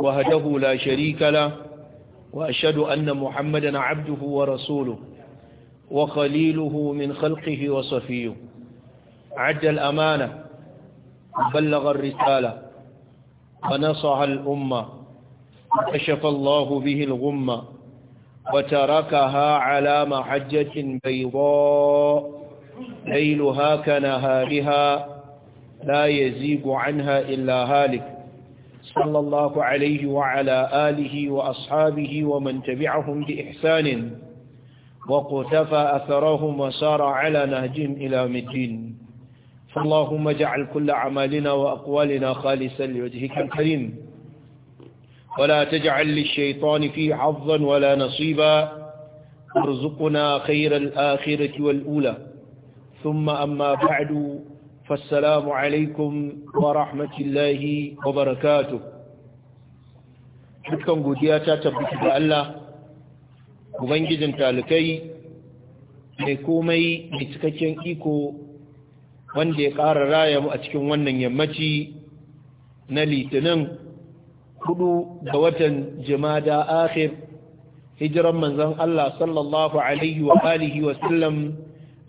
وهده لا شريك له وأشهد أن محمدا عبده ورسوله وخليله من خلقه وصفيه عد الأمانة بلغ الرسالة ونصح الأمة وكشف الله به الغمة وتركها على محجة بيضاء ليلها كنهارها لا يزيب عنها إلا هالك صلى الله عليه وعلى آله وأصحابه ومن تبعهم بإحسان وقتفى أثرهم وسار على نهجهم إلى مدين فاللهم اجعل كل عمالنا وأقوالنا خالصا لوجهك الكريم ولا تجعل للشيطان فيه حظا ولا نصيبا ارزقنا خير الآخرة والأولى ثم أما بعد فالسلام عليكم ورحمة الله وبركاته dukkan godiya ta tabbata ga Allah ubangijin talikai mai komai mai cikakken iko wanda ya ƙara raya mu a cikin wannan yammaci na litinin hudu da watan jimada akhir hijiran manzon Allah sallallahu alaihi wa alihi wa sallam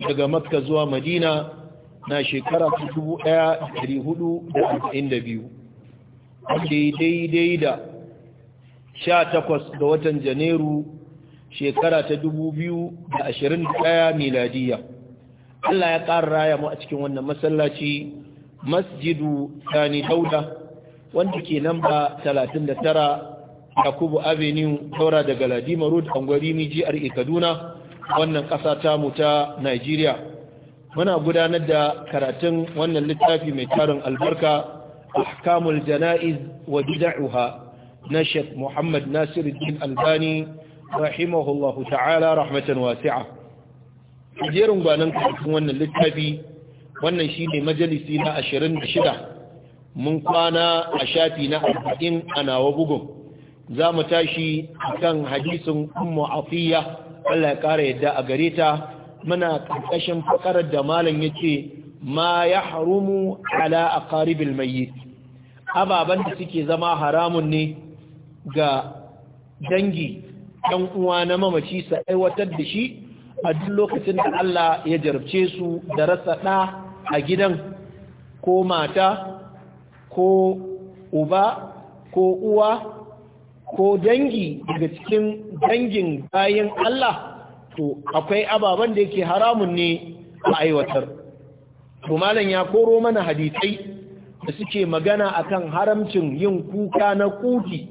daga makka zuwa madina na shekara ta 1442 daidai da 18 ga watan janairu shekara ta ashirin 2021 miladiya Allah ya ƙara raya mu a cikin wannan masallaci masjidu sani dauda wanda ke namba 39 yakubu avenue taura daga ladima road angwari ni jihar kaduna wannan ƙasa mu ta nigeria muna gudanar da karatun wannan littafi mai tarin albarka ahkamul jana'iz wa bid'uha na Sheikh Muhammad Nasiruddin Albani rahimahullahu ta'ala rahmatan wasi'a jerin gwanan karatun wannan littafi wannan shine majalisi na 26 mun kwana a shafi na 40 a nawa bugun za mu tashi kan hadisin ummu afiya Allah ya kara yadda a gare ta muna ƙarƙashin faƙarar da malam ya ce ma ya harumu ala aqaribil mayyit ababen da suke zama haramun ne ga dangi ɗan uwa na mamaci sa aiwatar da shi a duk lokacin da Allah ya jarabce su da rasa ɗa a gidan ko mata ko uba ko uwa ko dangi daga cikin dangin bayan Allah to akwai ababen da yake haramun ne a aiwatar to malam ya koro mana hadisai da suke magana akan haramcin yin kuka na kuki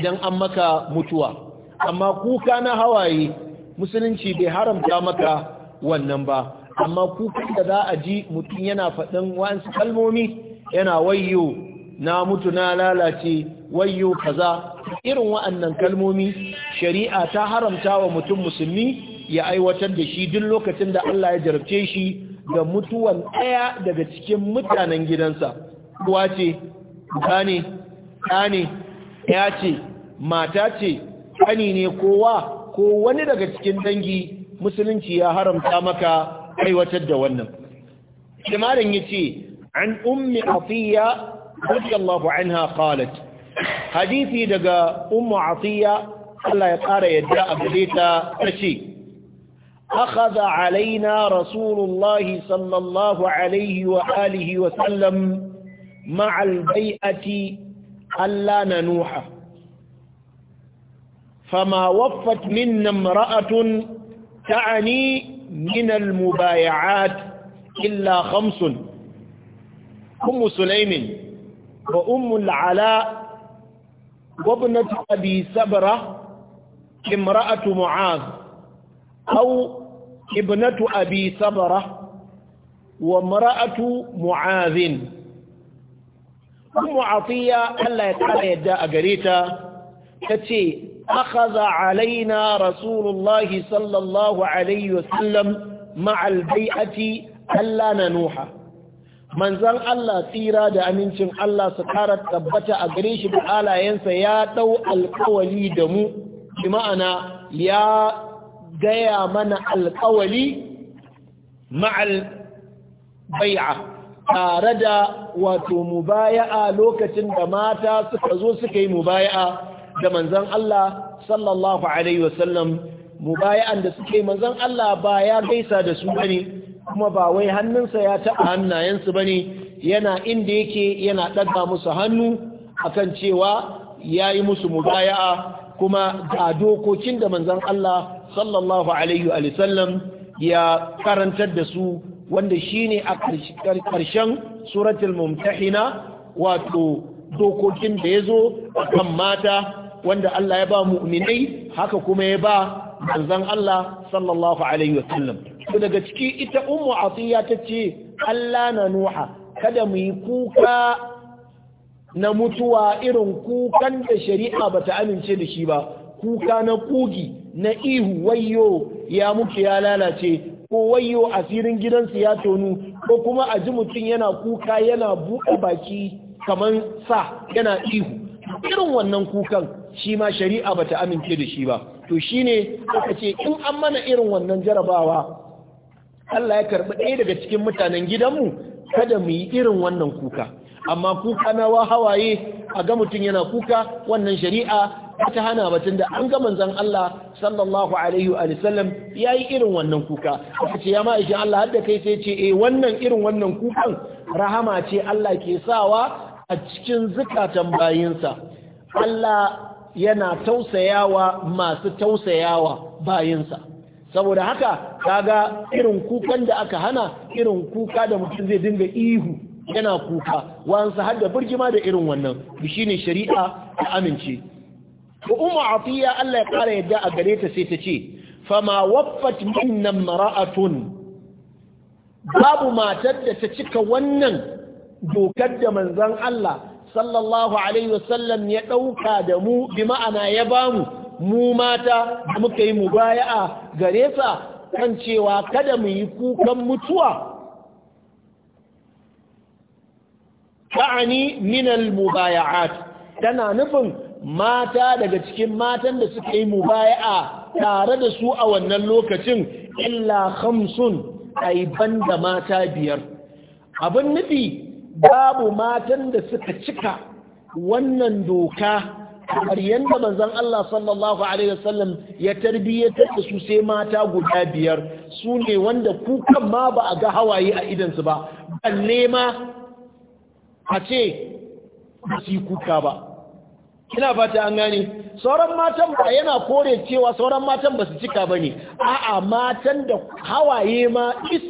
idan an maka mutuwa amma kuka na hawaye musulunci bai haramta maka wannan ba amma kuka da za a ji mutum yana faɗin wa'ansu kalmomi yana wayyo na mutu na lalace wayyo kaza irin wa'annan kalmomi shari'a ta haramta wa mutum musulmi ya aiwatar da shi duk lokacin da Allah ya jarabce shi da mutuwan ɗaya daga cikin mutanen gidansa uwa ce ba ne ne ya ce mata ce ƙani ne kowa ko wani daga cikin dangi musulunci ya haramta maka aiwatar da wannan kimarin ya ce an ummi afiya radiyallahu anha qalat hadisi daga ummu afiya Allah ya ƙara yadda a gare ta ce أخذ علينا رسول الله صلى الله عليه وآله وسلم مع البيئة ألا ننوح فما وفت منا امرأة تعني من المبايعات إلا خمس أم سليم وأم العلاء وابنة أبي سبرة امرأة معاذ أو ibnatu abi sabara wa mara'atu mu'azin ummu atiya Allah ya kara yadda a gareta ta tace akhadha alaina rasulullahi sallallahu alaihi wasallam ma'al bai'ati alla nanuha manzon Allah tsira da amincin Allah su kara tabbata a gare shi da alayensa ya dau alkawali da mu bi ma'ana ya gaya mana alkawali ma'al bai'a tare da wato mubaya'a lokacin da mata suka zo suka yi mubaya'a da manzon Allah sallallahu alaihi wasallam mubaya'an da suka yi manzon Allah ba ya gaisa da su bane kuma ba wai hannunsa ya taɓa hannayensu bane yana inda yake yana ɗaga musu hannu akan cewa ya yi musu mubaya'a kuma ga dokokin da manzon Allah sallallahu alaihi wa sallam ya karantar da su wanda shine a karshen suratul mumtahina wato dokokin da yazo kan mata wanda Allah ya ba mu'minai haka kuma ya ba manzon Allah sallallahu alaihi wa sallam to daga ciki ita ummu atiya tace Allah na nuha kada mu yi kuka na mutuwa irin kukan da shari'a bata amince da shi ba kuka na kugi na ihu wayo ya muke ya lalace ko wayyo asirin gidansu ya tonu ko kuma a ji mutum yana kuka yana buɗe baki kamar sa yana ihu irin wannan kukan shi ma shari'a bata amince da shi ba to shine aka ce in an mana irin wannan jarabawa Allah ya karɓi ɗaya daga cikin mutanen gidanmu kada mu yi irin wannan kuka amma kuka na wa hawaye a ga mutum yana kuka wannan shari'a ta hana ba tunda an ga manzon Allah sallallahu alaihi wa sallam yayi irin wannan kuka aka ce ya ma'aikin Allah da kai sai ce eh wannan irin wannan kukan rahama ce Allah ke sawa a cikin zukatan bayinsa Allah yana tausayawa masu tausayawa bayinsa saboda haka kaga irin kukan da aka hana irin kuka da mutum zai dinga ihu yana kuka wa'ansa har da birgima da irin wannan shi ne shari'a ta amince ko umu afiya Allah ya kara yadda a gare ta sai ta ce fama waffat minna mara'atun babu matar da ta cika wannan dokar da manzon Allah sallallahu alaihi wasallam ya dauka da mu bi ma'ana ya bamu mu mata da muka yi mubaya'a gare sa kan cewa kada mu yi kukan mutuwa ta'ani minal mubaya'at tana nufin mata daga cikin matan da suka yi mubaya'a tare da su a wannan lokacin illa khamsun ai banda mata biyar abin nufi babu matan da suka cika wannan doka kamar yadda manzon Allah sallallahu alaihi wasallam ya tarbiyyatar da su sai mata guda biyar su ne wanda kukan ma ba a ga hawaye a su ba balle ma a ce ba su kuka ba ina fata an gani sauran matan ba yana kore cewa sauran matan ba su cika ba ne a'a matan da hawaye ma is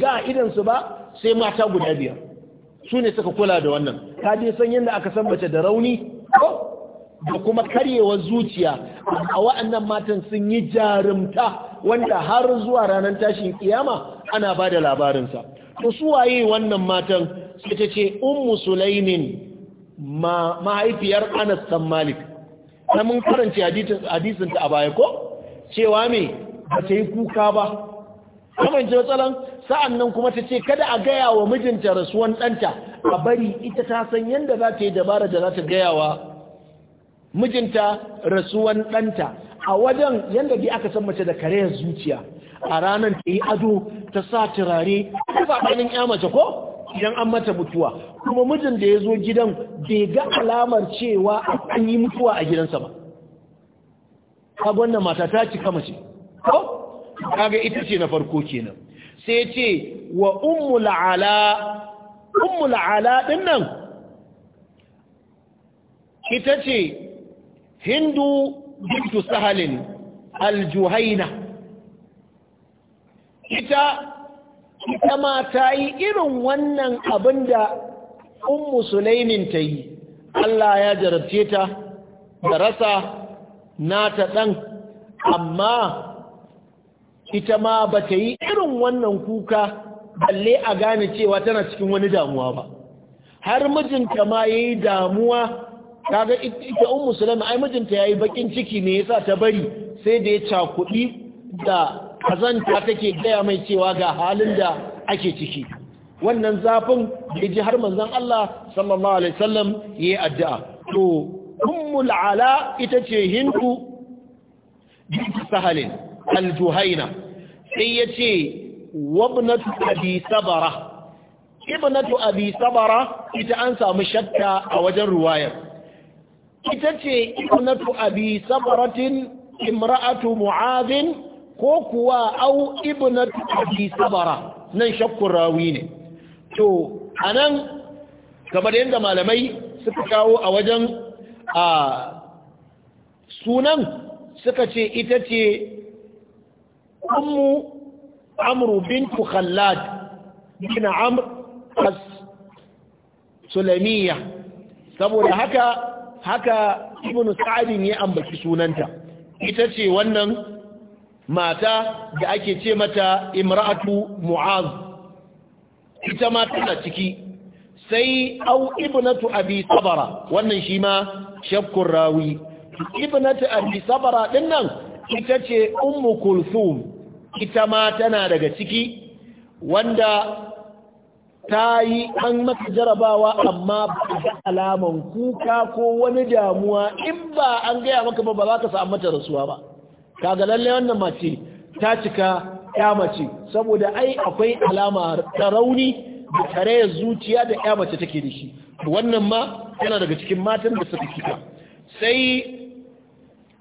ga su ba sai mata guda biyar su ne suka kula da wannan ka dai san yadda aka san mace da rauni Ko da kuma karyewar zuciya a wa'annan matan sun yi jarumta wanda har zuwa ranar tashin kiyama ana ba da labarinsa to su waye wannan matan sai ta ce ummu sulaimin mahaifiyar anas san malik na mun karanci hadisinta a baya ko cewa mai ba ta yi kuka ba kamanci matsalan sa'an nan kuma ta ce kada a gaya wa mijinta rasuwan ɗanta a bari ita ta san yadda za ta yi dabara da za ta gaya wa mijinta rasuwan ɗanta a wajen yadda bi aka san mace da karayar zuciya a ranar ta yi ado ta sa turare ta saɓanin ya mace ko idan an mata mutuwa kuma mijin da ya zo gidan bai ga alamar cewa an yi mutuwa a gidansa ba gwanna mata ta ci kama ce. ko kaga ita ce na farko kenan sai ce wa ummul ala ummul ala ita ce hindu bintu sahalin aljuhaina ita ita ma ta yi irin wannan abin da ummu sulaimin ta yi Allah ya jarabce ta da rasa nata ɗan amma ita ma ba ta yi irin wannan kuka balle a gane cewa tana cikin wani damuwa ba har mijinta ma ya yi damuwa kaga ita ummu sulaimin ai mijinta ya yi bakin ciki ne ya sa ta bari sai da ya cakuɗi da kazanta take gaya mai cewa ga halin da ake ciki wannan zafin da ji har manzon Allah sallallahu alaihi wasallam yayi addu'a to ummul ala ita ce hindu bint sahalin al-juhayna sai yace wabnatu abi sabara ibnatu abi sabara ita an samu shakka a wajen ruwayar ita ce ibnatu abi sabaratin imra'atu mu'adhin ko kuwa au ibnat abi sabara nan shakkun rawi ne to anan kamar yadda malamai suka kawo a wajen a sunan suka ce ita ce ummu amru bintu khallad bin amr as sulamiya saboda haka haka ibnu sa'adin ya ambaci sunanta ita ce wannan mata da ake ce mata imratu mu'az ita ma tana ciki sai au ibnatu abi sabara wannan shi ma shakkun rawi ibnatu abi sabara din nan ita ce ummu kulthum ita ma tana daga ciki wanda ta yi an mata jarabawa amma ba da alaman kuka ko wani damuwa in ba an gaya maka ba ba za ka samu mata rasuwa ba kaga lalle wannan mace ta cika ya mace saboda ai akwai alama ta rauni da karayar zuciya da ya mace take da shi wannan ma yana daga cikin matan da suka cika sai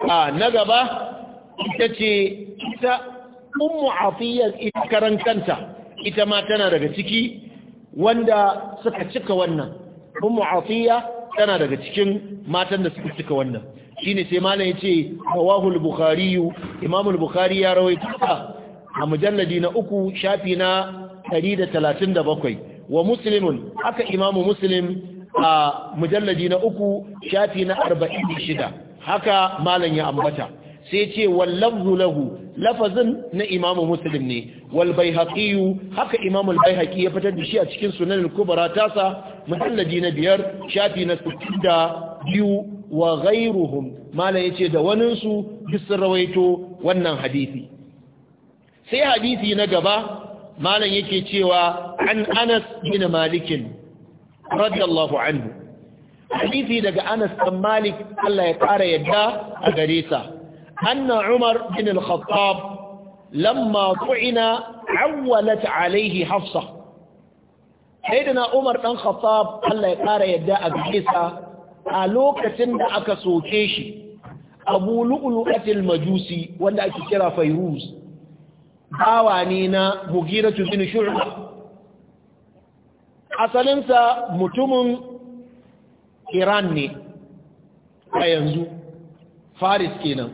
a na gaba ita ce ita ummu afiyar ita karan kanta ita ma tana daga ciki wanda suka cika wannan ummu afiya tana daga cikin matan da suka cika wannan shine sai malam ya ce rawahul bukhari imam bukhari ya rawaita a mujalladi na uku shafi na 137 wa musulmin haka imamu muslim a mujalladi na uku shafi na 46 haka malam ya ambata sai ce wallafzu lahu lafazin na imamu muslim ne wal baihaqi haka imamu al ya fitar da shi a cikin sunan al kubra tasa mujalladi na biyar shafi na 62 wa ghairuhum malam yace da waninsu su rawaito wannan hadisi sai hadisi na gaba malam yake cewa an Anas bin Malik radiyallahu anhu hadisi daga Anas bin Malik Allah ya kara yadda a gare sa anna Umar bin al-Khattab lamma tu'ina awwalat alayhi Hafsa sayyidina Umar dan Khattab Allah ya kara yadda a gare sa a lokacin da aka soke shi abu lu'lu'atil majusi wanda ake kira fairuz bawa ne na mugiratu bin shu'ba asalinsa mutumin iran ne a yanzu faris kenan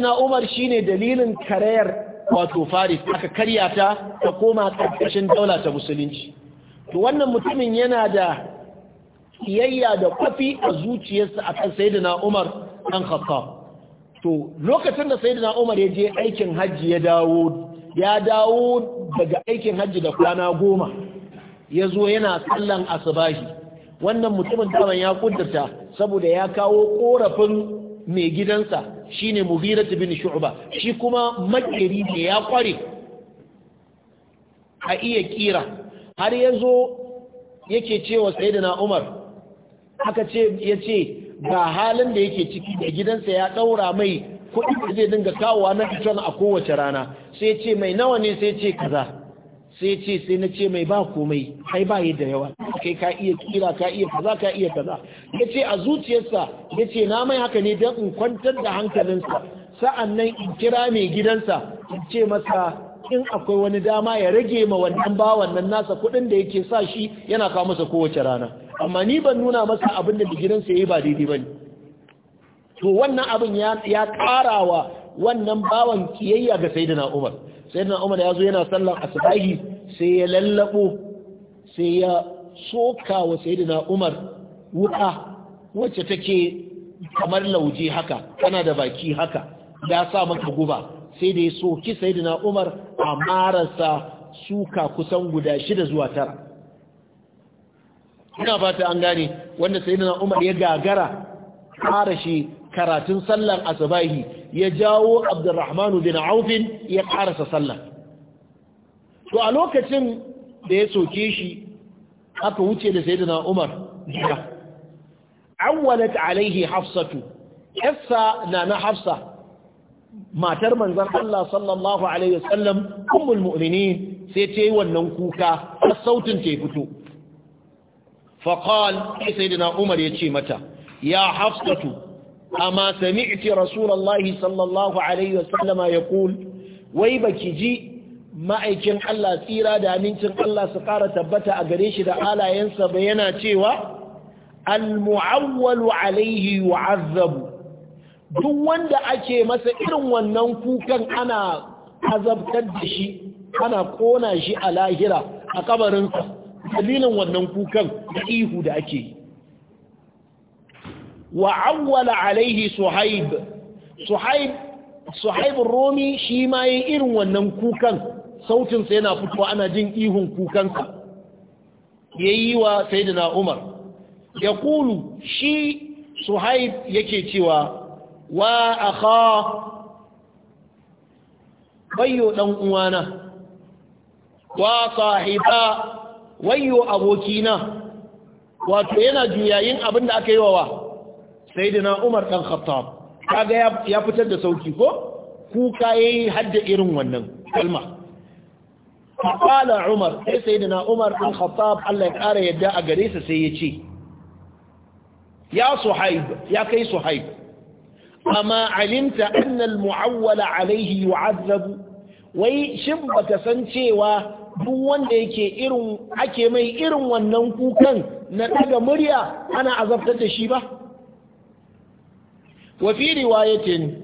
na umar shine dalilin karayar wato faris aka karya ta ta koma ƙarƙashin daula ta musulunci to wannan mutumin yana da kiyayya da kwafi a zuciyarsa a kan sayidina Umar dan khatta to lokacin da sayidina Umar ya je aikin hajji ya dawo ya dawo daga aikin hajji da kwana goma ya zo yana sallan asubahi wannan mutumin daman ya kudurta saboda ya kawo korafin mai gidansa shine Mughirah bin Shu'ba shi kuma makeri ne ya kware a iya kira har ya zo yake cewa sayyidina Umar aka ce ya ce ga halin da yake ciki da gidansa ya ɗaura mai kuɗi da zai dinga kawowa na fiton a kowace rana sai ce mai nawa ne sai ce kaza sai ce sai na ce mai ba komai kai ba da yawa kai ka iya kira ka iya kaza ka iya kaza ya ce a zuciyarsa ya ce na mai haka ne don in kwantar da hankalinsa sa'an nan in kira mai gidansa in ce masa in akwai wani dama ya rage ma wannan bawan nan nasa kuɗin da yake sa shi yana kawo masa kowace rana amma ni ban nuna masa abin da ya yayi ba daidai bane to wannan abin ya karawa wannan bawan kiyayya ga sayyidina Umar sayyidina Umar ya zo yana sallar asbahi sai ya lallabo sai ya soka wa sayyidina Umar wuka wacce take kamar lauje haka tana da baki haka ya sa maka guba sai da ya soki sayyidina Umar a marasa suka kusan guda shida zuwa tara ina fata an gane wanda sayyidina Umar ya gagara fara shi karatun sallan asabahi ya jawo Abdurrahman bin Auf ya karasa sallan to a lokacin da ya soke shi aka wuce da sayyidina Umar An awwalat alaihi hafsatu yassa na na hafsa matar manzon Allah sallallahu alaihi wasallam ummul mu'minin sai ta yi wannan kuka har sautin ta fito sai dina Umar ya ce mata ya hafsatu amma sami'ti rasulullahi sallallahu alaihi wasallama yaqul wai baki ji ma'aikin Allah tsira da amincin Allah su ƙara tabbata a gare shi da alayensa ba yana cewa al-mu'awwalu alaihi yu'azzabu duk wanda ake masa irin wannan kukan ana azabtar da shi ana kona shi a lahira a kabarinsa dalilin wannan kukan da ihu da ake yi wa awwala alaihi suhaib suhaib suhaib romi shi ma yi irin wannan kukan sautinsa yana fitowa ana jin ihun kukansa ya yi wa sayyidina umar ya kulu shi suhaib yake cewa wa akha wayyo dan uwana wa sahiba wayo abokina wato yana juyayin abin da aka yi wa wa sayyidina Umar dan Khattab kaga ya fitar da sauki ko kuka yayi hadda irin wannan kalma faƙala umar sai sai da na umar ɗan khattab Allah ya ƙara yadda a gare sa sai ya ce ya suhaib ya kai suhaib amma alimta annal mu'awwala alaihi yu'azzabu wai shin baka san cewa duk wanda yake irin ake mai irin wannan kukan na daga murya ana azabtar da shi ba wa fi riwayatin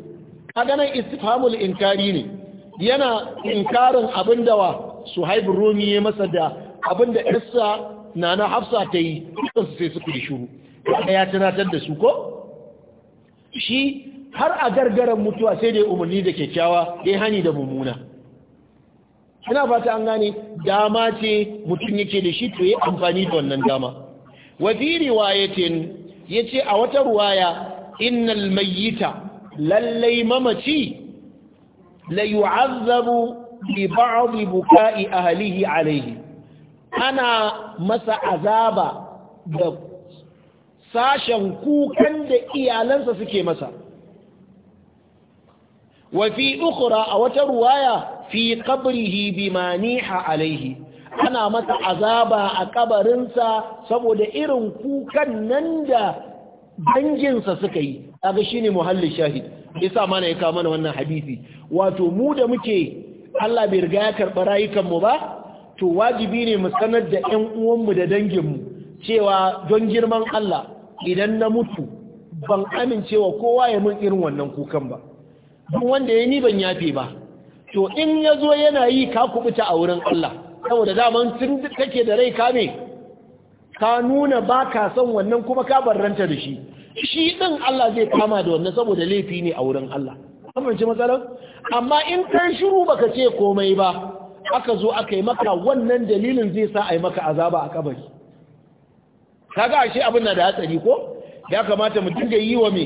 kaga istifhamul inkari ne yana inkarin abin da wa suhaib rumi ya masa da abinda da irsa nana hafsa ta yi sai suka shiru. shuru ya tunatar da su ko shi har a gargaran mutuwa sai dai umarni da kyakkyawa ya hani da mummuna ina fata an gane dama ce mutum yake da shi to yi amfani da wannan dama wafi riwayatin ya ce a wata ruwaya innal mayyita lallai mamaci la yu'azzabu li ba'd buka'i ahlihi alayhi ana masa azaba da sashen kukan da iyalansa suke masa wa fi ukura a wata ruwaya fi qabrihi bima a alaihi ana masa azaba a kabarinsa saboda irin kukan nan da danginsa suka yi shi shine muhallin shahid yasa mana ya kawo mana wannan hadisi wato mu da muke Allah bai riga ya karɓi rayukanmu ba to wajibi ne mu sanar da 'yan uwanmu da danginmu cewa don girman Allah idan na mutu ban amincewa kowa ya mun irin wannan kukan ba don wanda ya ni ban yafe ba to in ya zo yana yi ka kubuta a wurin Allah saboda daman tun kake da rai ka ka nuna ba ka son wannan kuma ka barranta da shi shi din Allah zai kama da wannan saboda laifi ne a wurin Allah amince matsalar amma in kai shiru baka ce komai ba aka zo aka yi maka wannan dalilin zai sa a yi maka azaba a kabari kaga ashe abin na da hatsari ko ya kamata mu dinga yi wa me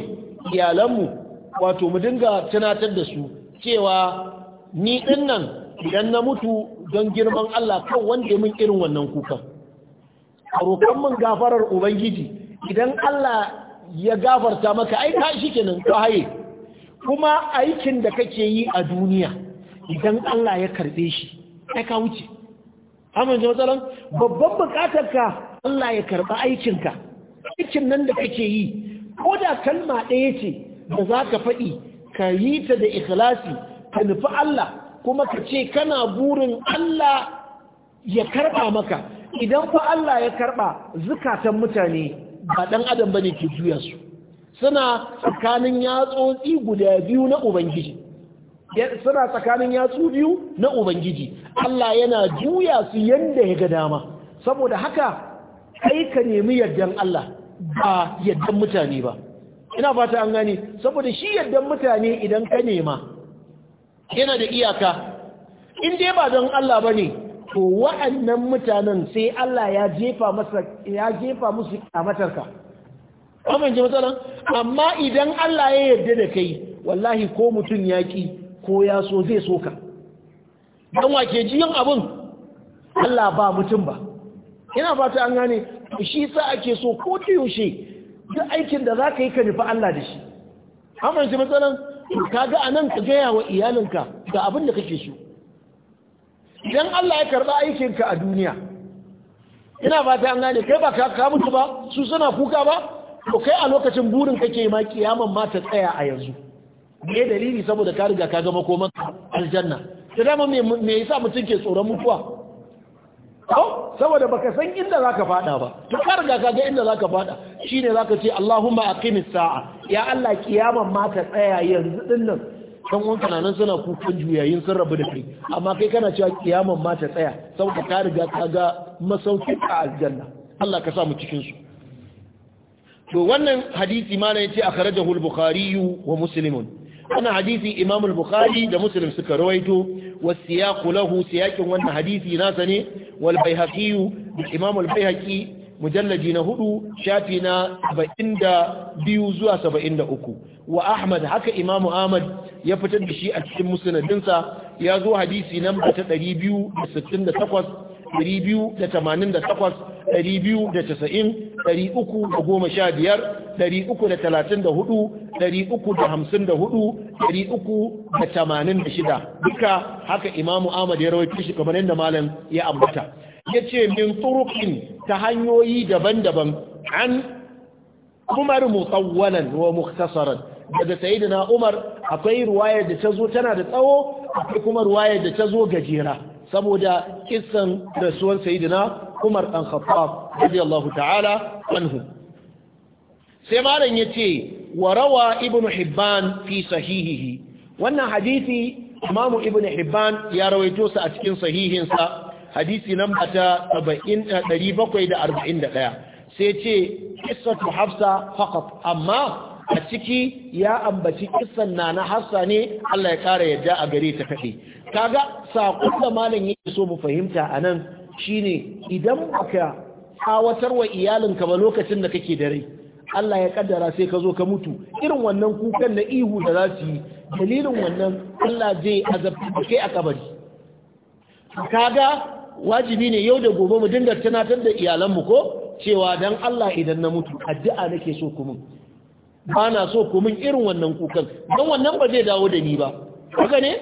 iyalanmu wato mu dinga tunatar da su cewa ni din nan idan na mutu don girman Allah kan wanda mun irin wannan kukan a roƙon mun gafarar ubangiji idan Allah ya gafarta maka ai ka kenan ka haye kuma aikin da kake yi a duniya idan Allah ya karbe shi ai ka wuce amma matsalan babban bukatarka Allah ya karɓi aikinka aikin nan da kake yi ko da kalma ɗaya ce da za ka faɗi ka yi ta da ikhlasi ka nufi Allah kuma ka ce kana burin Allah ya karɓa maka idan fa Allah ya karɓa zukatan mutane ba ɗan adam ba ne ke juya su suna tsakanin yatsotsi guda biyu na ubangiji suna tsakanin yatsu biyu na ubangiji Allah yana juya su yadda ya ga dama saboda haka kai ka nemi yardan Allah ba yardan mutane ba ina fata an gani saboda shi yardan mutane idan ka nema yana da iyaka in dai ba don Allah ba ne to wa'annan mutanen sai Allah ya jefa masa ya jefa musu kamatarka amin ji matsalan amma idan Allah ya yarda da kai wallahi ko mutum ya ki ko ya so zai soka dan wake jiyan abun Allah ba mutum ba ina fata an gane shi sa ake so ko ta yaushe duk aikin da za ka yi ka nufi Allah da shi amma shi matsalan ka ga anan ka gaya wa iyalinka ga abin da kake so idan Allah ya karɓa aikinka a duniya ina fata an gane kai ba ka ka mutu ba su suna kuka ba to kai a lokacin burin kake ma kiyaman ma ta tsaya a yanzu me dalili saboda ka riga ka ga makoman aljanna da dama me yasa mutum ke tsoron mutuwa ko saboda baka san inda zaka fada ba to ka riga ka ga inda zaka fada shine zaka ce Allahumma aqimis sa'a ya Allah kiyaman ma ta tsaya yanzu din nan dan wanka nan suna kukan juyayin sun rabu da kai amma kai kana cewa kiyaman ma ta tsaya saboda ka riga ka ga masauki a aljanna Allah ka sa mu cikin su to wannan hadisi ma ne ce akhrajahu al-bukhari wa muslimun wannan hadisi Imam al-Bukhari da Muslim suka rawaito wasiyaqu lahu siyakin wannan hadisi nasa ne wal Baihaqi Imam al-Baihaqi mujallaji na hudu shafi na 72 zuwa 73 wa Ahmad haka Imam Ahmad ya fitar da shi a cikin musnadinsa ya zo hadisi namba ta 268 shida duka haka imamu ahmad ya rawaito shi kamar yadda malam ya ambata ce min turuqin ta hanyoyi daban-daban an umar mutawwalan wa mukhtasaran daga na umar akwai ruwaya da ta zo tana da tsawo akwai kuma ruwaya da ta zo gajera saboda kissan rasuwar sayidina Umar dan Khattab radiyallahu ta'ala anhu sai malam yace wa rawa ibnu hibban fi sahihihi wannan hadisi imamu ibnu hibban ya rawaito sa a cikin sahihinsa hadisi namba ta 741 eh, sai ce qissatu hafsa faqat amma a ciki ya ambaci kisan na na hafsa ne Allah ya kara yadda a gare ta kaɗe kaga saƙon da malam yake so mu fahimta a nan shine idan baka tsawatar wa iyalinka ba lokacin da kake da rai Allah ya kaddara sai ka zo ka mutu irin wannan kukan na ihu da za su yi dalilin wannan Allah zai azabta kai a kabari kaga wajibi ne yau da gobe mu dinga tunatar da iyalan mu ko cewa dan Allah idan na mutu addu'a nake so ku ba na so kumin irin wannan kukan don wannan ba zai dawo da ni ba ba ne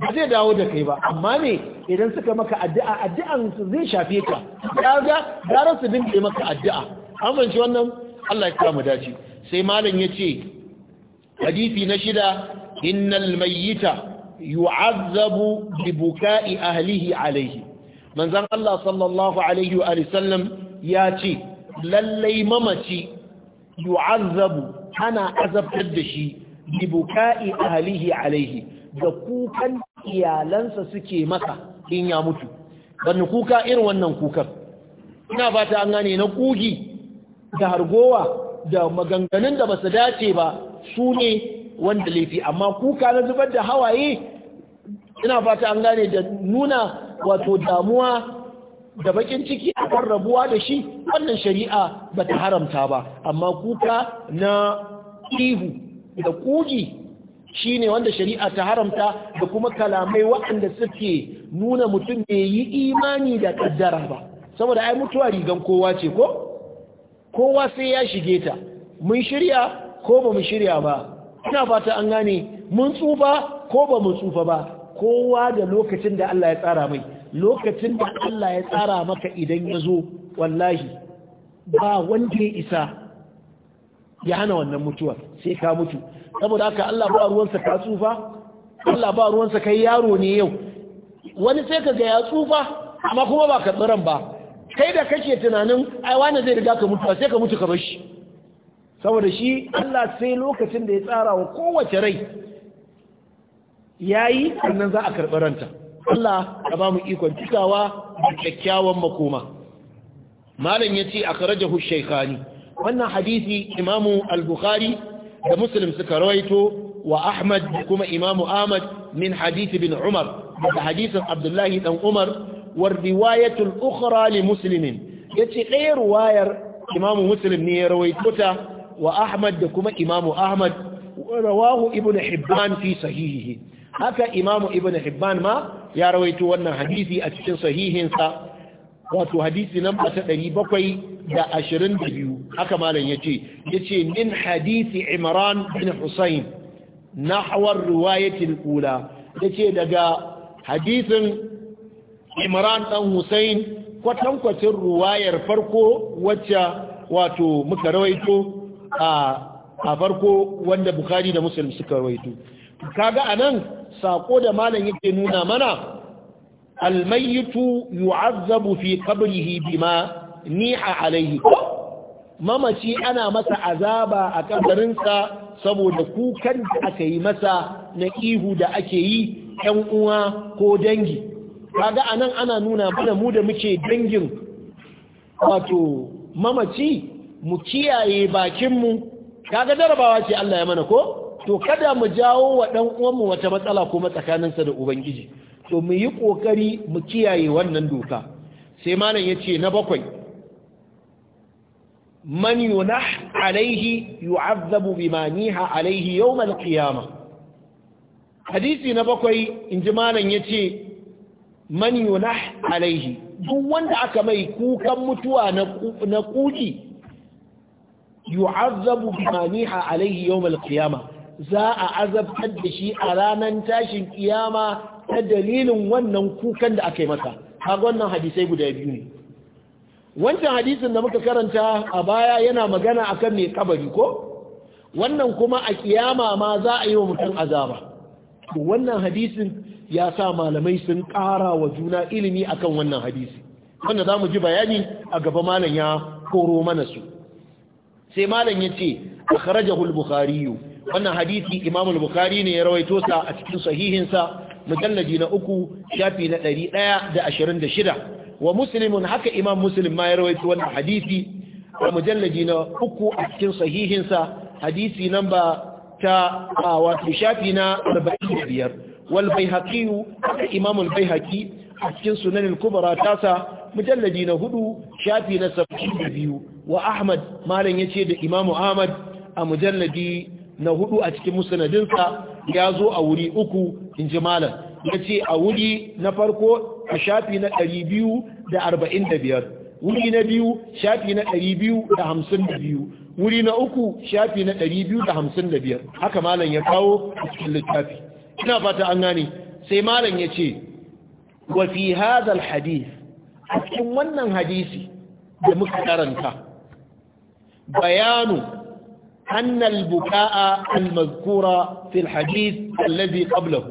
ba zai dawo da kai ba amma ne idan suka maka addu'a addu'an su zai shafe ka ga gara su dinke maka addu'a an fahimci wannan Allah ya kama dace sai malam ya ce hadisi na shida innal mayyita yu'azzabu bi buka'i ahlihi alayhi manzon Allah sallallahu alaihi wa sallam ya ce lallai mamaci yu'azzabu ana azabtar da shi bi buka'i ahlihi alaihi da kukan iyalansa suke maka in ya mutu ban kuka irin wannan kukan ina fata an gane na kugi da hargowa da maganganun da basu dace ba su ne wanda laifi amma kuka na zubar da hawaye ina fata an gane da nuna wato damuwa da bakin ciki akan rabuwa da shi wannan shari'a ba ta haramta ba amma kuka na ihu da kugi shi ne wanda shari'a ta haramta da kuma kalamai waɗanda suke nuna mutum ne yi imani da ƙaddara ba saboda ai mutuwa rigan kowa ce ko kowa sai ya shige ta mun shirya ko ba mu shirya ba ina fata an gane mun tsufa ko ba mu tsufa ba kowa da lokacin da Allah ya tsara mai lokacin da Allah ya tsara maka idan ya zo wallahi ba wanda ya isa ya hana wannan mutuwa sai ka mutu saboda haka Allah ba ruwansa ka tsufa Allah ba ruwansa kai yaro ne yau wani sai ka ga ya tsufa amma kuma ba ka tsiran ba kai da kake tunanin ai wani zai riga ka mutuwa sai ka mutu ka bar shi saboda shi Allah sai lokacin da ya tsara wa kowace rai yayi sannan za a karɓi ranta Allah ya ba mu ikon cikawa da kyakkyawan makoma malam yace akhrajahu shaykhani wannan hadisi imamu al-bukhari da muslim suka rawaito wa ahmad kuma imamu ahmad min hadisi bin umar da hadisin abdullahi dan umar wa riwayatul ukhra li muslimin yace ɗaya ruwayar imamu muslim ne ya rawaito ta wa ahmad da kuma imamu ahmad rawahu ibn hibban fi sahihihi haka imamu ibn hibban ma ya rawaito wannan hadisi a cikin sahihinsa wato hadisi nan ba ta ɗari bakwai da ashirin da biyu haka malam ya ce ya ce min hadisi imran bin husain na hawar ruwayatin kula ya ce daga hadisin imran ɗan husain kwatankwacin ruwayar farko wacce wato muka rawaito a farko wanda bukari da musulun suka rawaito kaga anan sako da malam yake nuna mana almayitu yu'azzabu fi qabrihi bima ni'a alaihi mamaci ana masa azaba a ƙasarinsa saboda kukan da aka yi masa na ihu da ake yi ‘yan uwa ko dangi kaga anan ana nuna mana mu da muke dangin wato mamaci mu kiyaye bakinmu kaga darabawa ce Allah ya mana ko to kada mu jawo wa ɗan uwanmu wata matsala kuma tsakaninsa da ubangiji to mu yi ƙoƙari mu kiyaye wannan doka sai malam ya ce na bakwai man yunah alaihi yu'azzabu bima niha alaihi yawm alqiyama hadisi na bakwai inji malam yace man yunah alaihi duk wanda aka mai kukan mutuwa na kuki yu'azzabu bima niha alaihi yawm alqiyama za a azabtar da shi a ranar tashin kiyama ta dalilin wannan kukan da aka yi masa kaga wannan hadisai guda biyu ne wancan hadisin da muka karanta a baya yana magana akan mai kabari ko wannan kuma a kiyama ma za a yi wa mutum azaba wannan hadisin ya sa malamai sun ƙara wa juna ilimi akan wannan hadisi wanda za mu ji bayani a gaba malam ya koro mana su sai malam ya ce a kharajahu al wannan hadisi imam al-bukhari ne ya rawaito sa a cikin sahihinsa mujallaji na uku shafi na ɗari ɗaya da ashirin da shida wa muslimun haka imam muslim ma ya rawaito wannan hadisi a mujallaji na uku a cikin sahihinsa hadisi namba ta wato shafi na arba'in da biyar wal bayhaqiyu haka imam al-bayhaqi a cikin sunan al-kubra tasa mujalladi na hudu shafi na saba'in biyu wa ahmad malam yace da imam ahmad a mujalladi na hudu a cikin musanadinsa ya zo a wuri uku in ji malam ya ce a wuri na farko a shafi na ɗari biyu da arba'in da biyar wuri na biyu shafi na ɗari biyu da hamsin da biyu wuri na uku shafi na ɗari biyu da hamsin da biyar haka malam ya kawo a cikin littafi ina fata an gane sai malam ya ce wa fi hadal hadith a cikin wannan hadisi da muka karanta bayanu أن البكاء المذكور في الحديث الذي قبله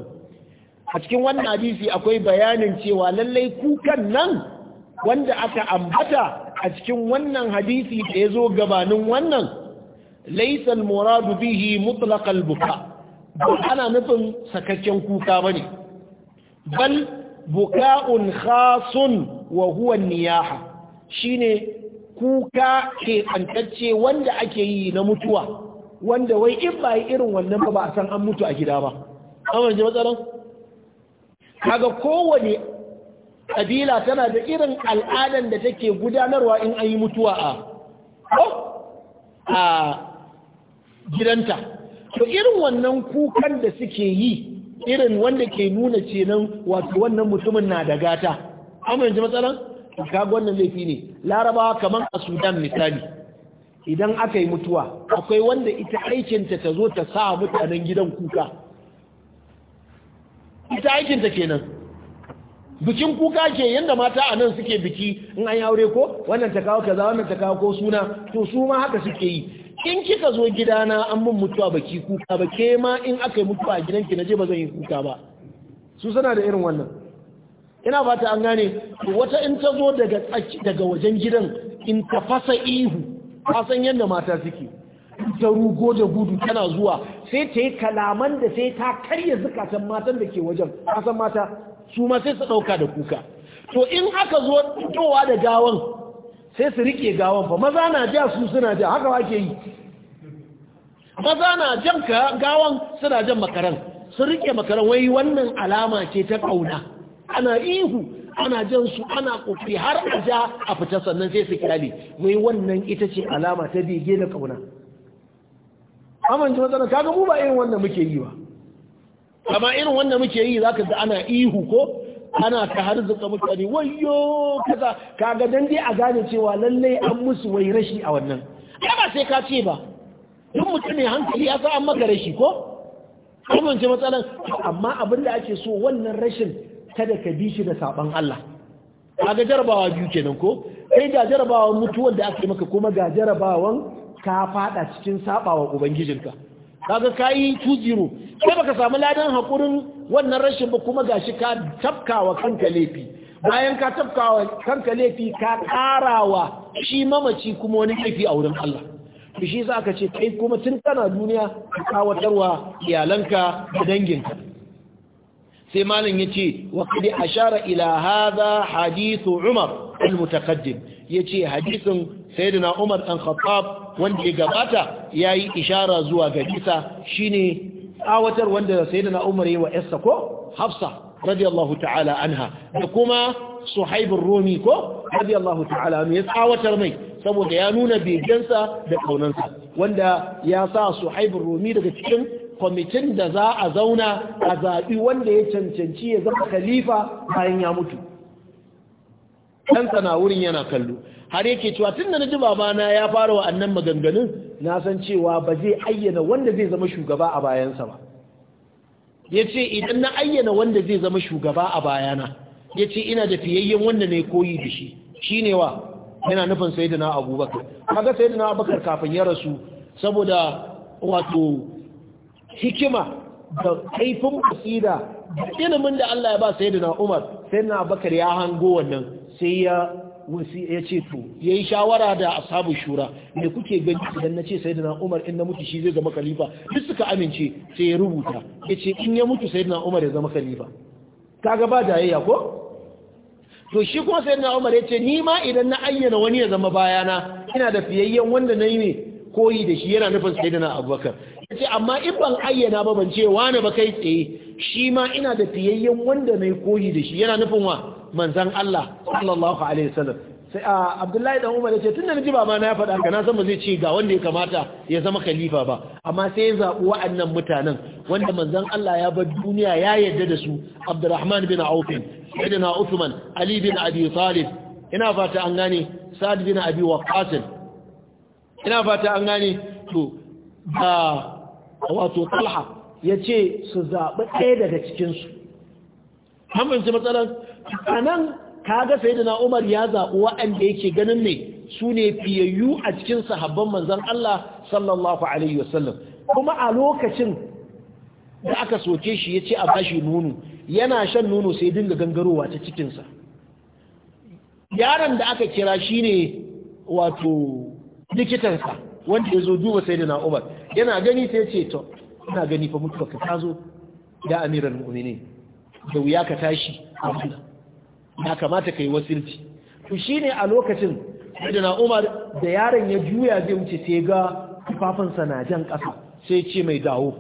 أتكين وانا حديثي أكوي بيان سوى للي كوكا نن وانا أكا أنبتا أتكين وانا حديثي تيزو قبان وانا ليس المراد به مطلق البكاء أنا نفن سكتين كوكا بني بل بكاء خاص وهو النياحة shine kuka ke keɓantacce wanda ake yi na mutuwa wanda wai in ba yi irin wannan ba ba a san an mutu a gida ba amma ji matsalan kaga kowane kabila tana da irin al'adan da take gudanarwa in an yi mutuwa a gidanta to irin wannan kukan da suke yi irin wanda ke nuna ce nan wato wannan mutumin na da gata amma ji matsalan ga wannan laifi ne larabawa kaman a sudan misali idan aka yi mutuwa akwai wanda ita aikinta ta zo ta sa mutanen gidan kuka ita aikinta kenan bikin kuka ke yanda mata a nan suke biki in an aure ko wannan ta kawo kaza wannan ta kawo ko suna to su ma haka suke yi in kika zo gidana an bin mutuwa baki kuka ba ke ma in aka yi mutuwa a gidanki na je ba zan yi kuka ba su suna da irin wannan ina ba ta an gane wata in ta zo daga wajen gidan in ta fasa ihu san yadda mata suke ta rugo da gudu tana zuwa sai ta yi kalaman da sai ta karya zukatan matan da ke wajen kasan mata su ma sai su ɗauka da kuka to in haka zo fitowa da gawan sai su rike gawan fa maza na ja su suna ja haka wake yi maza na jan gawan suna jan makaran sun rike makaran wai wannan alama ce ta ƙauna ana ihu ana jan su ana kofi har a ja a fita sannan sai su kyale wai wannan ita ce alama ta bege da kauna amince matsala kaga mu ba irin wannan muke yi ba amma irin wannan muke yi zaka ga ana ihu ko ana ta har zuka mutane wayo kaza kaga dan dai a gane cewa lallai an musu wai rashi a wannan ai ba sai ka ce ba duk mutum ne hankali ya sa an maka rashi ko amince matsala amma abin da ake so wannan rashin kada ka bi shi da saban Allah kaga jarabawa biyu kenan ko kai ga jarabawan mutuwar da aka yi maka kuma ga jarabawan ka fada cikin sabawa ubangijinka kaga kayi 2-0 sai baka samu ladan hakurin wannan rashin ba kuma gashi ka tafkawa kanka laifi bayan ka tafkawa kanka laifi ka karawa shi mamaci kuma wani laifi a wurin Allah shi za ce kai kuma tun kana duniya ka kawatarwa iyalanka da danginka sai malam yace wa a ashara ila hadha hadith umar al-mutaqaddim yace hadisin sayyidina umar dan khattab wanda ya gabata yayi ishara zuwa ga shine tsawatar wanda sayyidina umar ya wa yarsa ko hafsa radiyallahu ta'ala anha da kuma suhaib romi ko radiyallahu ta'ala ya tsawatar mai saboda ya nuna begensa da kaunansa wanda ya sa suhaib romi daga cikin kwamitin da za a zauna a zaɓi wanda ya cancanci ya zama khalifa bayan ya mutu ɗansa na wurin yana kallo har yake cewa tun da na ji babana ya fara wa annan maganganun na san cewa ba zai ayyana wanda zai zama shugaba a bayansa ba ya ce idan na ayyana wanda zai zama shugaba a bayana ya ce ina da fiyayyen wanda ne koyi da shi shi ne wa yana nufin sai da na abubakar kaga sai da abubakar kafin ya rasu saboda wato hikima da haifin basira da ilimin da Allah ya ba sayyidina Umar sayyidina Abubakar ya hango wannan sai ya wasi ya ce to yayi shawara da ashabu shura me kuke gani idan nace sayyidina Umar in na mutu shi zai zama khalifa duk suka amince sai ya rubuta yace in ya mutu sayyidina Umar ya zama khalifa kaga ba jayayya ko to shi kuma sayyidina Umar ce ni ma idan na ayyana wani ya zama bayana ina da fiyayyen wanda nayi ne koyi da shi yana nufin sayyidina Abubakar ce amma in ban ayyana ba ban ce wani ba kai tsaye shi ma ina da fiyayyen wanda mai koyi da shi yana nufin wa manzan Allah sallallahu alaihi wasallam sai a Abdullahi dan Umar yace tunda naji baba na ya faɗa ka na san ba zai ce ga wanda ya kamata ya zama khalifa ba amma sai ya zabi wa'annan mutanen wanda manzan Allah ya bar duniya ya yarda da su Abdurrahman bin Auf Sayyidina Uthman Ali bin Abi Talib ina fata an gane Sa'd bin Abi Waqqas ina fata an gane to da wato talha ya ce su zaɓi ɗaya daga cikinsu hamanci matsalar a nan ga sai da na'umar ya zaɓi waɗanda yake ganin ne su ne fiyayyu a cikin sahabban manzan Allah sallallahu alaihi wasallam kuma a lokacin da aka soke shi ya ce a bashi nunu yana shan nunu sai dinga gangarowa ta cikinsa yaron da aka kira shi ne wato likitansa wanda ya zo duba sai da na umar yana gani sai ce to ina gani fa mutuwa ka ta zo ya amiran mu'minin da wuya ka tashi a ya kamata ka yi wasilci to shine a lokacin da na umar da yaron ya juya zai wuce sai ga tufafansa na jan ƙasa sai ce mai dawo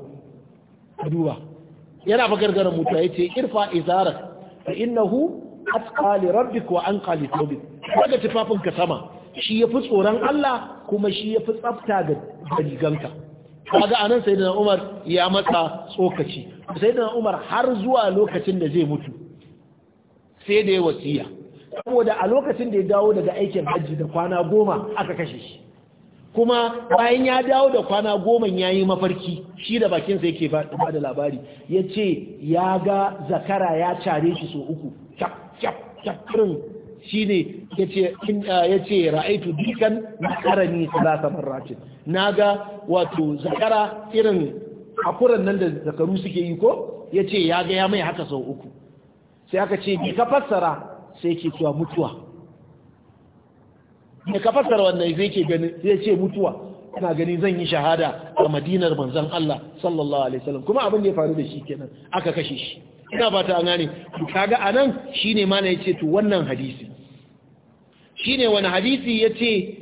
duba yana fa gargaran mutuwa ya ce irfa izarak fa innahu atqa li rabbik wa anqa li thawbik daga ka sama shi ya fi tsoron Allah kuma shi ya fi tsafta ga riganka kaga anan sai da Umar ya matsa tsokaci sai da Umar har zuwa lokacin da zai mutu sai da ya wasiya saboda a lokacin da ya dawo daga aikin hajji da kwana goma aka kashe shi kuma bayan ya dawo da kwana goma ya yi mafarki shi da bakinsa yake ba da labari ya ce ya ga zakara ya care shi so uku cap cap cap shine yace uh, ce ra'aitu dikan karani salasa Na ga wato zakara irin hakuran nan da zakaru suke yi ko yace ya ga ya mai haka sau uku sai aka ce bi ka fassara sai ke cewa mutuwa ne ka fassara wannan zai ce mutuwa ina gani zan yi shahada a madinar manzon Allah sallallahu alaihi wasallam kuma abin da ya faru da shi kenan aka kashe shi ina ba ta gane kaga anan shine ma na yace to wannan hadisi shine wani hadisi yace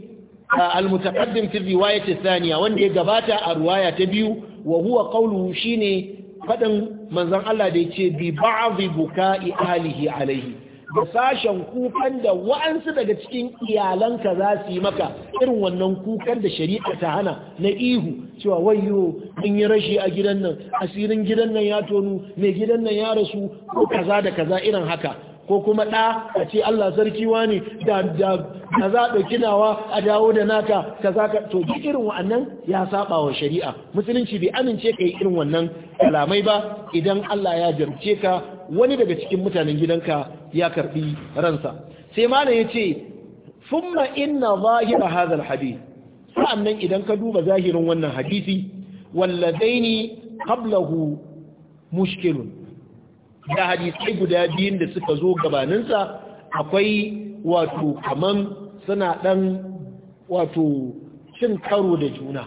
al-mutaqaddim fi riwayati thaniya wanda ya gabata a riwaya ta biyu wa huwa qawluhu shine fadin manzon Allah da yace bi ba'dhi buka'i alihi alaihi da sashen kukan da wa'ansu daga cikin iyalanka za su yi maka irin wannan kukan da shari'a ta hana na ihu cewa wayo in yi rashi a gidan nan asirin gidan nan ya tonu mai gidan nan ya rasu ko kaza da kaza irin haka ko kuma ɗa a ce Allah sarki wani da da za a ɗauki nawa a dawo da naka ka za ka to duk irin wannan ya saba wa shari'a musulunci bai amince ka yi irin wannan kalamai ba idan Allah ya jarce ka wani daga cikin mutanen gidanka ya karbi ransa sai malam ya ce thumma inna zahira hadha alhadith sa'annan idan ka duba zahirin wannan hadisi walladaini qablahu mushkilun da hadisai guda biyun da suka zo gabaninsa akwai wato kaman suna ɗan wato cin karo da juna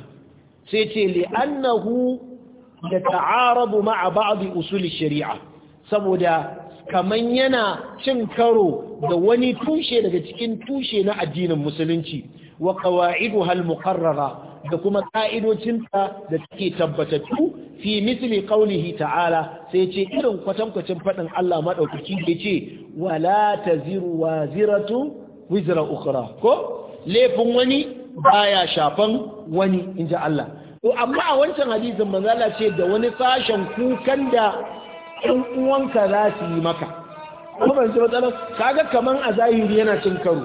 sai ce li'annahu da ta'arabu ma'a ba'adu usul shari'a saboda kaman yana cin karo da wani tushe daga cikin tushe na addinin musulunci wa qawaidu hal muqarrara da kuma ka'idocinta da take tabbatattu fi misli qaulihi ta'ala sai ce irin kwatankwacin fadin Allah madaukaki da ce wala taziru waziratu wizra ukhra ko laifin wani baya shafan wani inji Allah to amma a wancan hadisin manzo Allah ce da wani sashen kukan da ɗan uwanka za su yi maka kuma ban kaga kaman a zahiri yana cin karo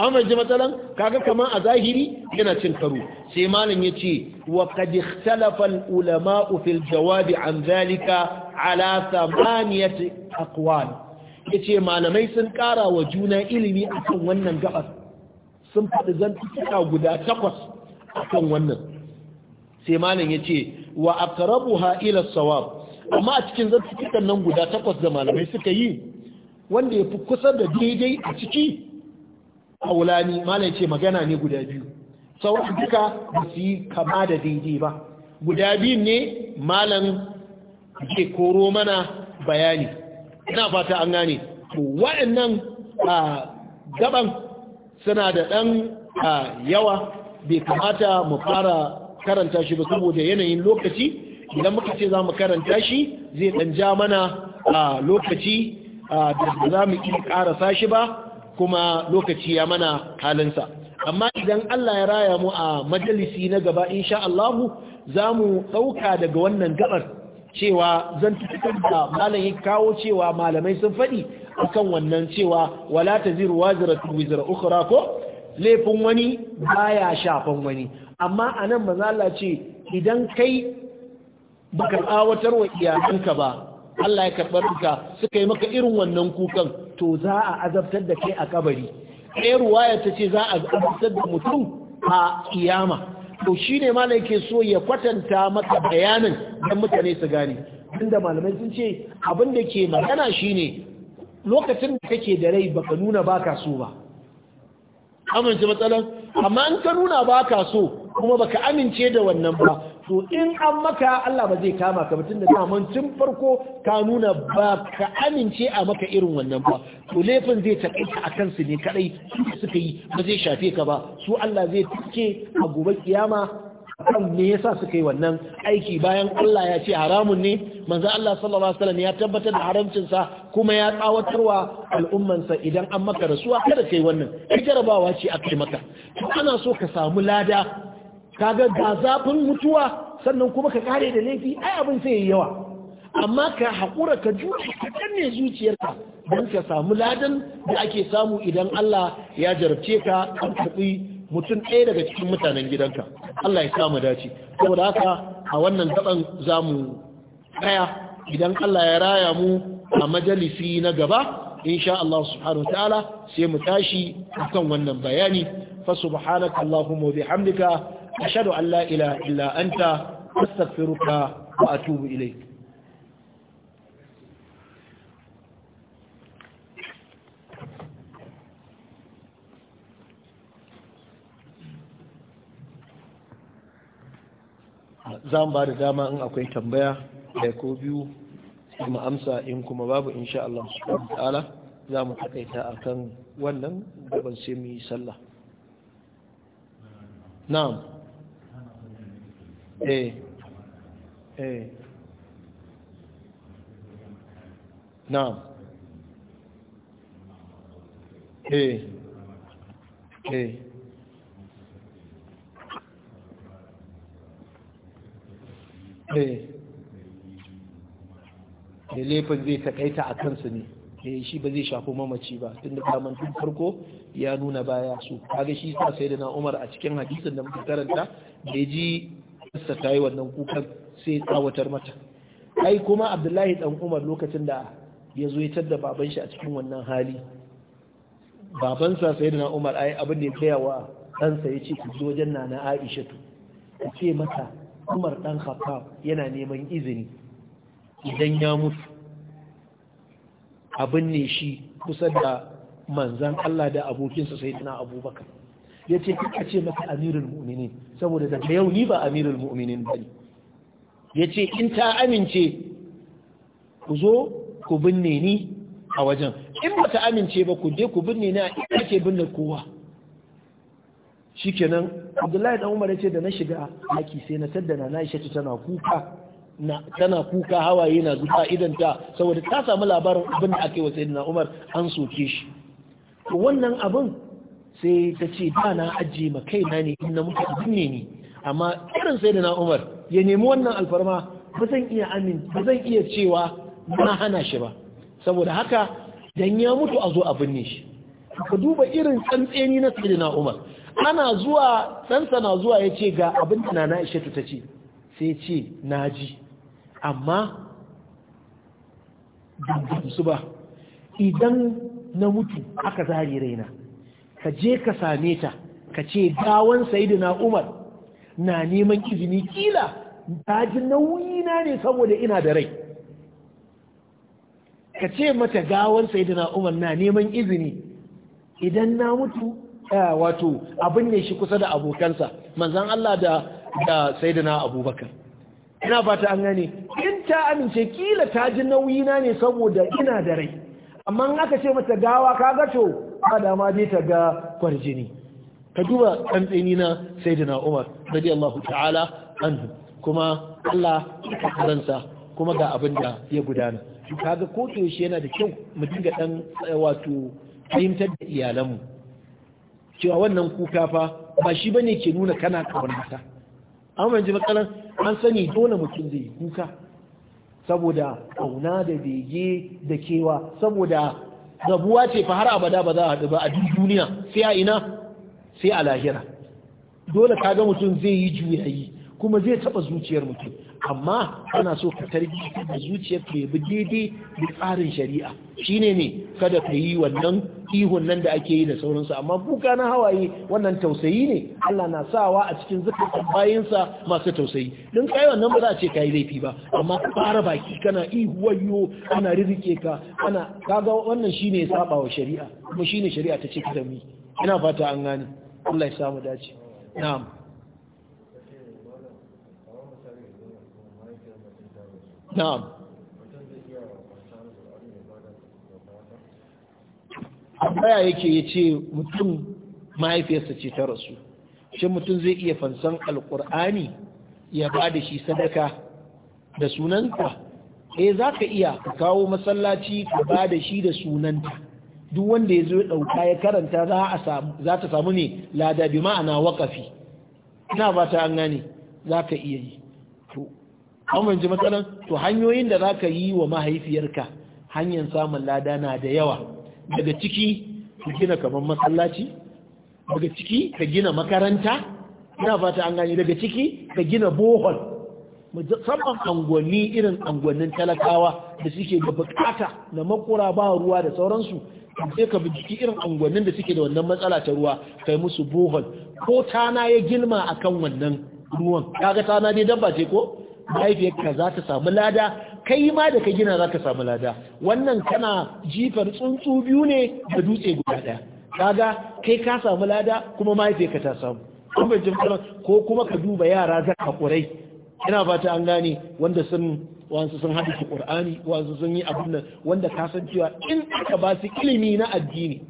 amma ji matsalan kaga kaman a zahiri yana cin karo sai malam ya ce wa qad ikhtalafa al ulama fil jawab an zalika ala thamaniyati aqwal yace malamai sun kara wa juna ilimi akan wannan gabas sun faɗi zantuka guda takwas akan wannan sai malam ya ce wa aqrabuha ila sawab amma a cikin zantukan nan guda takwas da malamai suka yi wanda ya fi kusa da daidai a ciki aulani malam ce magana ne guda biyu sauran duka ba su yi kama da daidai ba guda biyun ne malam ke koro mana bayani ina fata an gane waɗannan gaban suna da ɗan yawa bai kamata mu fara karanta shi ba saboda yanayin lokaci idan muka ce za mu karanta shi zai ɗan ja mana lokaci da za mu ƙi ƙarasa shi ba kuma lokaci ya mana halinsa amma idan Allah ya raya mu a majalisi na gaba insha Allahu za mu ɗauka daga wannan gabar cewa zan tafi da malam ya kawo cewa malamai sun faɗi kan wannan cewa wala ta taziru waziratu zira ukura ko laifin wani baya shafan wani amma a anan maza Allah ce idan kai baka tsawatar wa iyalanka ba Allah ya karɓar ka suka yi maka irin wannan kukan to za a azabtar da kai a kabari ɗaya ruwaya ta ce za a azabtar da mutum a kiyama to shi ne ma ke so ya kwatanta maka bayanin don mutane su gane Inda malamai sun ce abin da ke magana shine lokacin da kake da rai baka nuna baka so ba amince matsalar? amma in ka nuna baka so kuma baka amince da wannan ba to in an maka Allah ba zai kama ka mutum da daman tun farko ka nuna ba ka amince a maka irin wannan ba to laifin zai takaita a kansu ne kadai suka yi ba zai shafe ka ba su Allah zai tuke a gobe kiyama kan me yasa suka yi wannan aiki bayan Allah ya ce haramun ne manzo Allah sallallahu alaihi wasallam ya tabbatar da haramcin sa kuma ya tsawatarwa al'umman sa idan an maka rasuwa kada kai wannan kai jarabawa ce akai maka ana so ka samu lada kaga ga zafin mutuwa sannan kuma ka kare da laifi ai abin sai yayi yawa amma ka haƙura ka jure ka danne zuciyarka don ka samu ladan da ake samu idan Allah ya jarabce ka kan mutum ɗaya daga cikin mutanen gidanka Allah ya samu dace saboda haka a wannan gaban za mu tsaya idan Allah ya raya mu a majalisi na gaba insha Allah subhanahu ta'ala sai mu tashi akan wannan bayani fa subhanaka allahumma wa bihamdika ashhadu an la ilaha illa anta astaghfiruka wa atubu zan ba da dama in akwai tambaya da ko biyu mu amsa in kuma babu insha Allah subhanahu ta'ala za mu takaita akan wannan gaban sai mu yi sallah na'am eh eh na'am eh eh da eh. eh, zai takaita a kansu ne E, shi ba zai shafo mamaci ba tun da tun farko ya nuna baya su kaga shi sa sai da na umar a cikin hadisun da muka karanta da ji sa ta yi wannan kukan sai tsawatar mata ai kuma abdullahi dan umar lokacin da ya zo ya da baban shi a cikin wannan hali babansa sai da umar ai abin da ya kai wa ɗansa ya ce ku zo wajen nana aisha tu ku ce mata umar dan khattab yana neman izini idan ya mutu abin ne shi kusa da manzan Allah da abokinsa sai abubakar ya ce kika ce maka amirul mu'minin saboda daga yau ni ba amirul mu'minin bane ya ce in ta amince ku zo ku binne ni a wajen in ba ta amince ba ku je ku binne ni a ina ke binne kowa shikenan abdullahi dan umar ya ce da na shiga haki sai na taddana na aisha tana kuka na tana kuka hawaye na zuba idan ta saboda ta samu labarin abin da ake wa sayyidina umar an soke shi wannan abin sai ta ce da na ajiye ma kaina ne in na mutu binne ni amma irin sai da na umar ya nemi wannan alfarma ba zan iya amin ba zan iya cewa na hana shi ba saboda haka dan ya mutu a zo a binne shi ka duba irin tsantseni na sai na umar ana zuwa ɗansa na zuwa ya ce ga abin da na ishatu ta ce sai ce na ji amma ban ba idan na mutu aka zari raina ka je ka same ta ka ce gawan sayidina umar na neman izini kila ta ji nauyina ne saboda ina da rai ka ce mata gawan sayidina umar na neman izini idan na mutu eh, wato abin ne shi kusa da abokansa manzan Allah da da sayidina abubakar ina fata an gane in ta amince kila ta ji nauyina ne saboda ina da rai amma in aka ce mata gawa kaga to ba dama dai ta ga kwarjini ka duba ɗan tsantsini na sayyidina Umar radiyallahu ta'ala anhu kuma Allah ya karanta kuma ga abin da ya gudana kaga ko yaushe yana da kyau mu dinga dan eh, wato fahimtar da iyalanmu cewa wannan kuka fa ba shi bane ke nuna kana kaunta amma yanzu makalan an sani dole mutum zai kuka saboda kauna da bege da kewa saboda rabuwa ce fa har abada ba za a haɗu ba a duniya sai a ina sai a lahira dole kaga mutum zai yi juyayi kuma zai taɓa zuciyar mutum amma ana so ka tarbiyyar da zuciyar ka bi daidai da tsarin shari'a Shi ne ne kada ka yi wannan ihun nan da ake yi da sauransu amma kuka na hawaye wannan tausayi ne Allah na sawa a cikin zukatan bayansa masu tausayi don kai wannan ba za a ce ka yi laifi ba amma fara baki kana ihu wayo ana rizike ka ana kaga wannan shi ne saba wa shari'a kuma shi ne shari'a ta ce ka ina fata an gane Allah ya samu dace na'am na'am tambaya yake ya ce mutum mahaifiyarsa ce ta rasu shi mutum zai iya fansan alkur'ani ya ba da shi sadaka da sunanta eh za ka iya ka kawo masallaci ka ba da shi da sunanta duk wanda ya zo ya ɗauka ya karanta za ta samu ne lada bi ma'ana waƙafi ina ba ta an gane za ka iya yi an ji matsalan to hanyoyin da za ka yi wa mahaifiyarka hanyar samun lada na da yawa daga ciki ka gina kamar masallaci daga ciki ka gina makaranta ina fata an gani daga ciki ka gina bohol musamman angonni irin angonnin talakawa da suke da bukata na makura ba ruwa da sauransu sai ka binciki irin angonnin da suke da wannan matsala ta ruwa kai musu bohol ko tana ya gilma akan wannan ruwan kaga tana dai dabba ce ko mahaifiyarka za ta samu lada kai ma da ka gina za ka samu lada wannan kana jifar tsuntsu biyu ne da dutse guda ɗaya kaga kai ka samu lada kuma mahaifiyarka ta samu ko kuma ka duba yara za ka kurai ina fata an gane wanda sun wasu sun hada su ƙur'ani wasu sun yi abin nan wanda ka san cewa in aka ba su ilimi na addini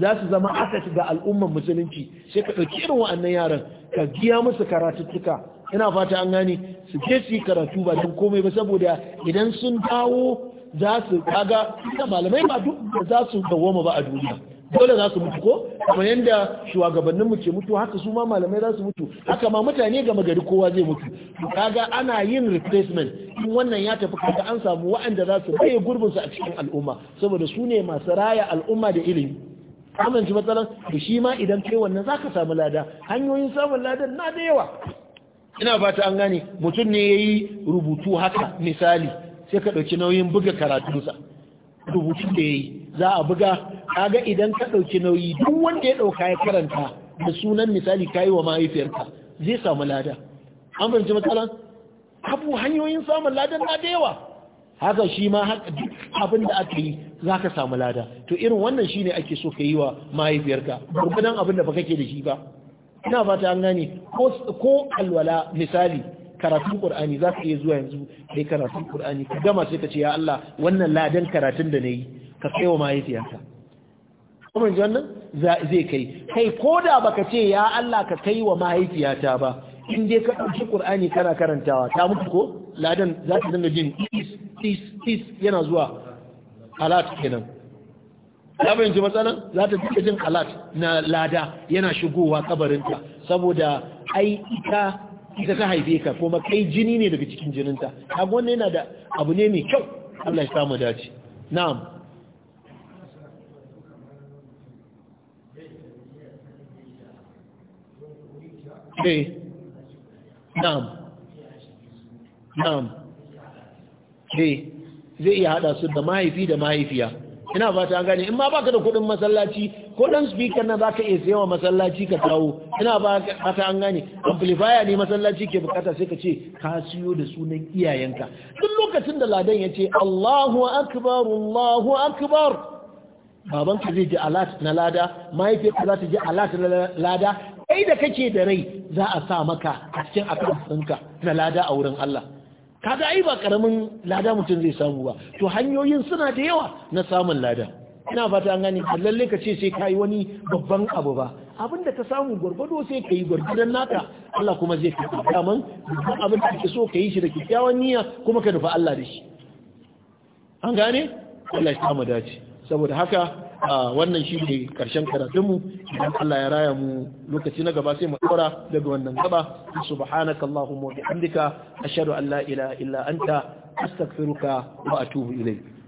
za su zama asasi ga al'ummar musulunci sai ka ɗauki irin wa'annan yaran ka giya musu karatuttuka ina fata an gani su je su yi karatu ba don komai ba saboda idan sun dawo za su kaga ita malamai ba duk da za su dawoma ba a duniya dole za su mutu ko kamar yadda shugabannin mu ke mutu haka su ma malamai za su mutu haka ma mutane gama gari kowa zai mutu kaga ana yin replacement in wannan ya tafi kaga an samu waɗanda za su baye gurbin su a cikin al'umma saboda su ne masu raya al'umma da ilimi amince matsalar da shi ma idan kai wannan zaka samu lada hanyoyin samun ladan na da yawa ina ba ta an gane mutum ne ya yi rubutu haka misali sai ka ɗauki nauyin buga karatunsa rubutu da ya yi za a buga kaga idan ka ɗauki nauyi duk wanda ya ɗauka ya karanta da sunan misali ka yi wa mahaifiyarka zai samu lada an fahimci matsalan abu hanyoyin samun ladan na da yawa haka shi ma haka duk abin da aka yi za ka samu lada to irin wannan shi ne ake so ka yi wa mahaifiyarka gurgudan abin da baka ke da shi ba ina fata an gane ko alwala misali karatun qur'ani za ka iya zuwa yanzu kai karatun qur'ani ka gama sai ka ce ya Allah wannan ladan karatun da nayi ka kai wa mahaifiyarka kuma ji wannan zai kai kai ko da baka ce ya Allah ka kai wa mahaifiyata ba in dai ka ɗauki qur'ani kana karantawa ta mutu ko ladan za ka dinga jin is is is yana zuwa halat kenan ta fahimci matsalan za ta fi jin alat na lada yana shigowa kabarinta saboda ai ita ita ta haife ka kuma kai jini ne daga cikin jininta kaga wannan yana da abu ne mai kyau Allah ya samu dace na'am eh na'am na'am eh zai iya hada su da mahaifi da mahaifiya ina ba an gane in ma baka da kudin masallaci ko dan speaker na zaka iya sayawa masallaci ka kawo ina fata an gane amplifier ne masallaci ke bukata sai ka ce ka siyo da sunan iyayenka duk lokacin da ladan ya ce Allahu akbar Allahu akbar baban ka zai ji alat na lada mahaifiyarka za ta ji alat na lada kai da kake da rai za a sa maka a cikin akan sunka na lada a wurin Allah kaga ai ba karamin lada mutum zai samu ba to hanyoyin suna da yawa na samun lada ina fata an gani lalle ka ce sai kai wani babban abu ba Abin da ka samu gwargwado sai ka yi naka Allah kuma zai ka kaman duk abin da kake so ka yi shi da kyakkyawan niyya kuma ka dafa Allah da shi an gane Allah ya samu dace saboda haka wannan shi ne karshen karatunmu idan Allah ya raya mu lokaci na gaba sai mu dora daga wannan gaba subhanaka allahumma wa bihamdika ashhadu an la ilaha illa anta astaghfiruka wa atubu ilayk